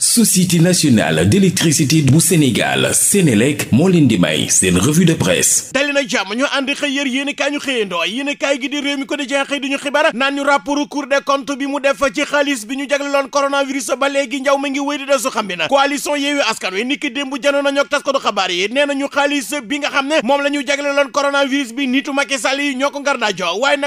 société nationale d'électricité bu Sénégal Sénélec moo leen di may seen revue de presse dali na jàmm ñu ànd xëy yér yéen i ñu xëyandoo yéen i gi di réew mi ko di jenxëy di ñu xibaar naan ñu rapport Cour des comptes bi mu def ci xaalis bi ñu jagleloon coronavirus ba léegi njaw ma ngi wéy di desu xam bi na coalition Yewwi Askan Wi niki démb janoon nañu ak taskatu xabaar yi nee nañu xaalis bi nga xam ne moom la ñu jagleloon coronavirus bi nitu Macky Sall yi ñoo ko ngar daa jox waaye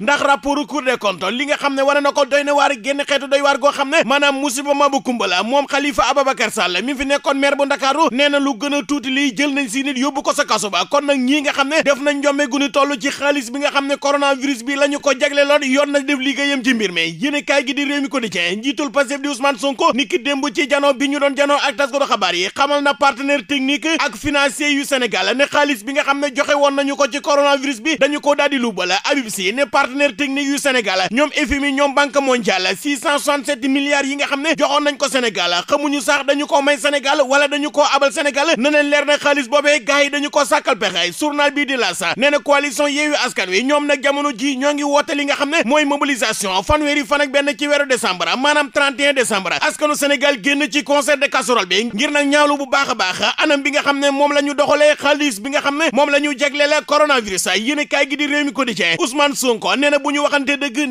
nag tonto li nga xam ne war na ko doy na waar génn xeetu doy waar goo xam ne maanaam musiba ma bu kumba la moom Khalifa Ababacar Sall mi fi nekkoon maire bu Ndakaaru nee na lu gën a tuuti lii jël nañ si nit yóbbu ko sa kaso ba kon nag ñii nga xam ne def nañ njombe gu ñu toll ci xaalis bi nga xam ne coronavirus bi la ñu ko jagleeloon yoon na def liggéeyam ci mbir mi yéen kaay gi di réew mi quotidien njiitul Pastef di Ousmane Sonko ni ki démb ci janoo bi ñu doon janoo ak taskatu xabaar yi xamal na partenaire technique ak financier yu Sénégal ne xaalis bi nga xam ne joxe woon nañu ko ci coronavirus bi dañu ko daal di luubal Habib Sy ne partenaire technique yu Sénégal ñoom FMI ñoom banque mondiale 667 milliards yi nga xam ne joxoon nañ ko Sénégal xamuñu sax dañu ko may Sénégal wala dañu koo abal Sénégal na leer na xaalis boobee gars dañu ko sàkkal pexe journal bii di L'As nee na coalition Yewwi Askan Wi ñoom nag jamono ji ñoo ngi woote li nga xam ne mooy mobilisation fanweeri fan ak benn ci weeru décembre maanaam 31 décembre askanu Sénégal génn ci concert de casserole bi ngir nag bu baax a baax anam nga xam ne moom la ñu doxalee xaalis bi nga xam ne a kaay gi di réew mi quotidien Ousmane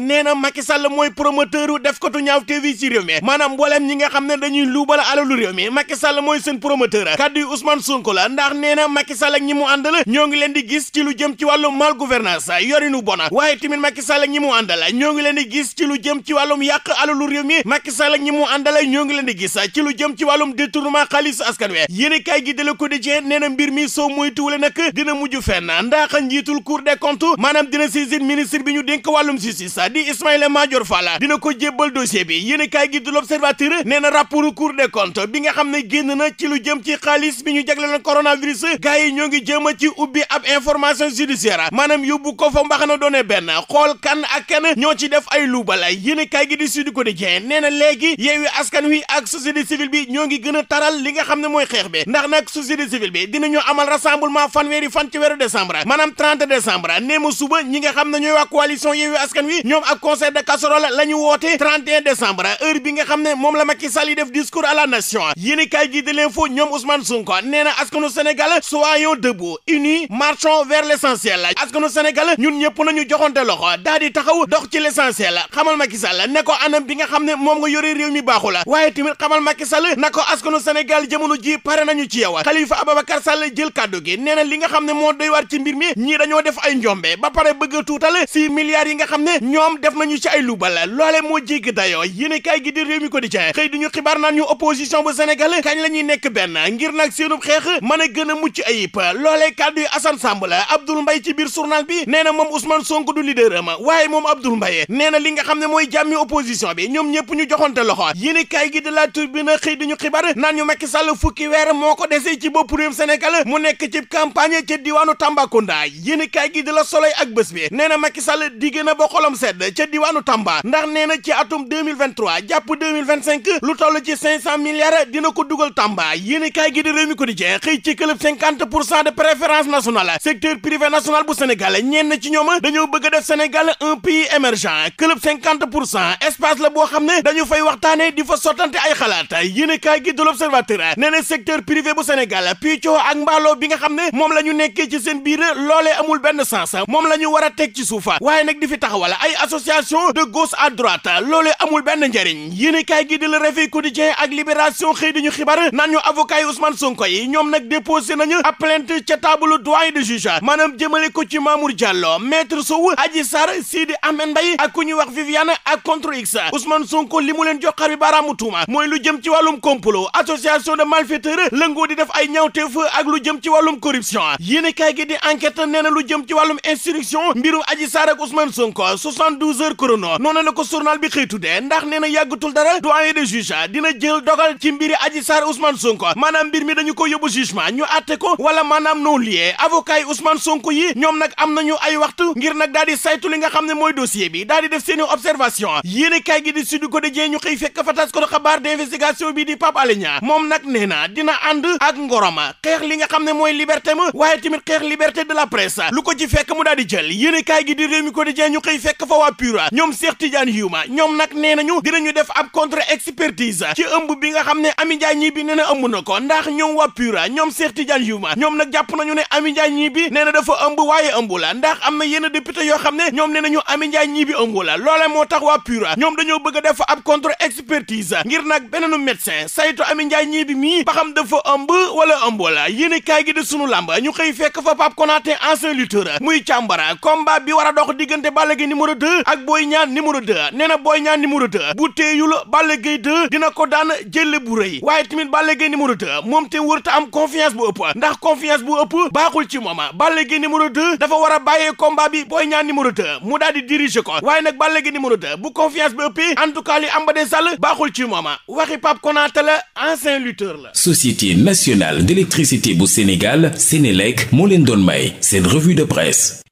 nee na Macky Sall mooy promoteur def ko tu ñaawteef yi ci réew maanaam mbooleem ñi nga xam ne dañuy luubal alalu réew mi Macky Sall mooy seen promoteur kaddu yi Ousmane Sonko la ndax nee na Macky Sall ak ñi mu àndal ñoo ngi leen di gis ci lu jëm ci wàllu mal gouvernance yorinu bona waaye tamit Macky Sall ak ñi mu àndal ñoo ngi leen di gis ci lu jëm ci wàllum yàq alalu réew mi Macky Sall ak ñi mu àndal ñoo ngi leen di gis ci lu jëm ci wàllum détournement xaalis askan wi yéen kay gi de Le Quotidien nee na mbir mi soo muy tuwule nag dina mujj fenn ndax njiitul Cour des maanaam dina bi ñu dénk wàllum justice di Ismaïla Madior Fall dina ko jébbal dossier bi yéenekaay gi du L'Observateur nee na rapport Cour des comptes bi nga xam ne génn na ci lu jëm ci xaalis bi ñu jagleeloon coronavirus gars yi ñoo ngi jéem a ci ubbi ab information judiciaire maanaam yóbbu ko fo mbax na doone benn xool kan ak kenn ñoo ci def ay luubala yéenekaay gi di Sud Quotidien nee na léegi Yewwi Askan Wi ak société civile bi ñoo ngi gën a taral li nga xam ne mooy xeex bi ndax nag société civile bi dinañu amal rassemblement fanweeri fan ci weeru décembre maanaam 30 décembre nee suba nga xam ne ñooy waa coalition Yewwi Askan Wi ñoom ak concert de casserole la ñu woote 31 décembre heure bi nga xam ne moom la Macky Sall yi def discours à la nation yéeni kaay gi de l'info ñoom Ousmane Sonko nee na askanu Sénégal soyons debout unis marchons vers l'essentiel askanu Sénégal ñun ñëpp nañu joxonte loxo a di taxaw dox ci l'essentiel xamal Macky Sall ne anam bi nga xam ne moom nga yore réew mi baaxu la waaye tamit xamal Macky Sall na ko askanu Sénégal jamono ji pare nañu ci yow li nga xam ne moo doy waar ci mbir mi yi nga xam ñoom def nañu ci ay luubal loole moo jégg dayoo yéene kaay gi di réew mi ko di cee xëy duñu xibaar naan ñu opposition bu Sénégal kañ la ñuy nekk benn ngir nag seenub xeex mën a gën a mucc ayib loolee kàddu yu Assane Samb la Abdoul Mbaye ci biir journal bi nee na moom Ousmane Sonko du leader am waaye moom Abdoul Mbaye nee na li nga xam ne mooy jàmmi opposition bi ñoom ñëpp ñu joxonte loxo yéene kaay gi de bi Tribune xëy duñu xibaar na ñu Macky Sall fukki weer moo ko dese ci bopp réew Sénégal mu nekk ci campagne ca diwaanu Tambacounda yéene gi de la Soleil ak bés nee na Macky Sall digg na ba xolam seet stade ca diwaanu Tamba ndax nee na ci atum 2023 jàpp 2025 lu toll ci cinq 500 milliards dina ko dugal Tamba yéen kaa gi di réew mi ko di jeex xëy ci club 50 pour cent de préférence nationale secteur privé national bu Sénégal ñenn ci ñoom dañoo bëgg def Sénégal un pays émergent club 50 pour cent espace la boo xam ne dañu fay waxtaanee di fa sottante ay xalaat yéen kaay gi de l'Observateur nee na secteur privé bu Sénégal piccoo ak mbaaloo bi nga xam ne moom la ñu nekkee ci seen biir loolee amul benn sens moom la ñu war a teg ci suufa waaye nag di fi taxawal ay association de gos à droite loolee amul benn njëriñ yéen kaay gi di la Réveil Quotidien ak Libération xëy di ñu xibaar naan ñu avocat yi Ousmane Sonko yi ñoom nag déposé nañu ab plainte ca table doyen de juge maanaam jëmale ko ci Mamour Diallo maître Sow Adji Sarr Sidi Ahmed Mbaye ak ku ñuy wax Viviane ak contre X Ousmane Sonko li mu leen jox xar bi baaraamu tuuma mooy lu jëm ci wàllum complot association de malfaiteurs lëngoo di def ay ñaawteef ak lu jëm ci wàllum corruption yéen kaay gi di enquête nee na lu jëm ci wàllum instruction mbirum Adji Sarr ak Ousmane 72 heures chrono noonu la ko journal bi xëy tuddee ndax nee na yàggatul dara doyen des juges dina jël dogal ci mbiri Adji Sarr Ousmane Sonko maanaam mbir dañu ko yóbbu jugement ñu àtte ko wala maanaam non lié avocat yi Ousmane yi ñoom nag am nañu ay waxtu ngir nag daal saytu li nga xam ne mooy dossier bi daal di def seeni observation yéene kaay gi di Sud Quotidien ñu xëy fekk fatas ko xabaar d'investigation bi di Pape Alé Niang moom nag nee dina ànd ak ngoroma li nga xam ne mooy liberté ma waaye waa PUR ñoom Cheikh Tidiane Youma ñoom nag nee nañu dinañu def ab contre expertise ci ëmb bi nga xam ne Amy Ndiaye Gniby ëmb na ko ndax ñoom waa PUR ñoom Cheikh Tidiane Youma ñoom nag jàpp nañu ne Amy Ndiaye Gniby dafa ëmb waaye ëmb la ndax am na yenn député yoo xam ne ñoom nee nañu Amy Ndiaye Gniby ëmb la loole moo tax waa PUR ñoom dañoo bëgg a def ab contre expertise ngir nag beneenu médecin saytu Amy Ndiaye Gniby mii ba xam dafa ëmb wala ëmb la yéene kaay gi de sunu làmb ñu xëy fekk fa a 2 ak Boy Niang numéro 2 nee na Boy Niang numéro 2 bu teeyul Balla Gaye 2 dina ko daan jëlle bu rëy waaye tamit Balla Gaye numéro 2 moom te wër ta am confiance bu ëpp ndax confiance bu ëpp baaxul ci moom Balla Gaye numéro 2 dafa war a bàyyee combat bi Boy ñaa numéro 2 mu daal di diriger ko waaye nag Balla Gaye numéro 2 bu confiance bu ëppee en tout cas li am ba de sàll baaxul ci moom waxi Pape Konaté la ancien lutteur la. Société nationale d'électricité bu Sénégal Sénélec moo leen doon may seen revue de presse.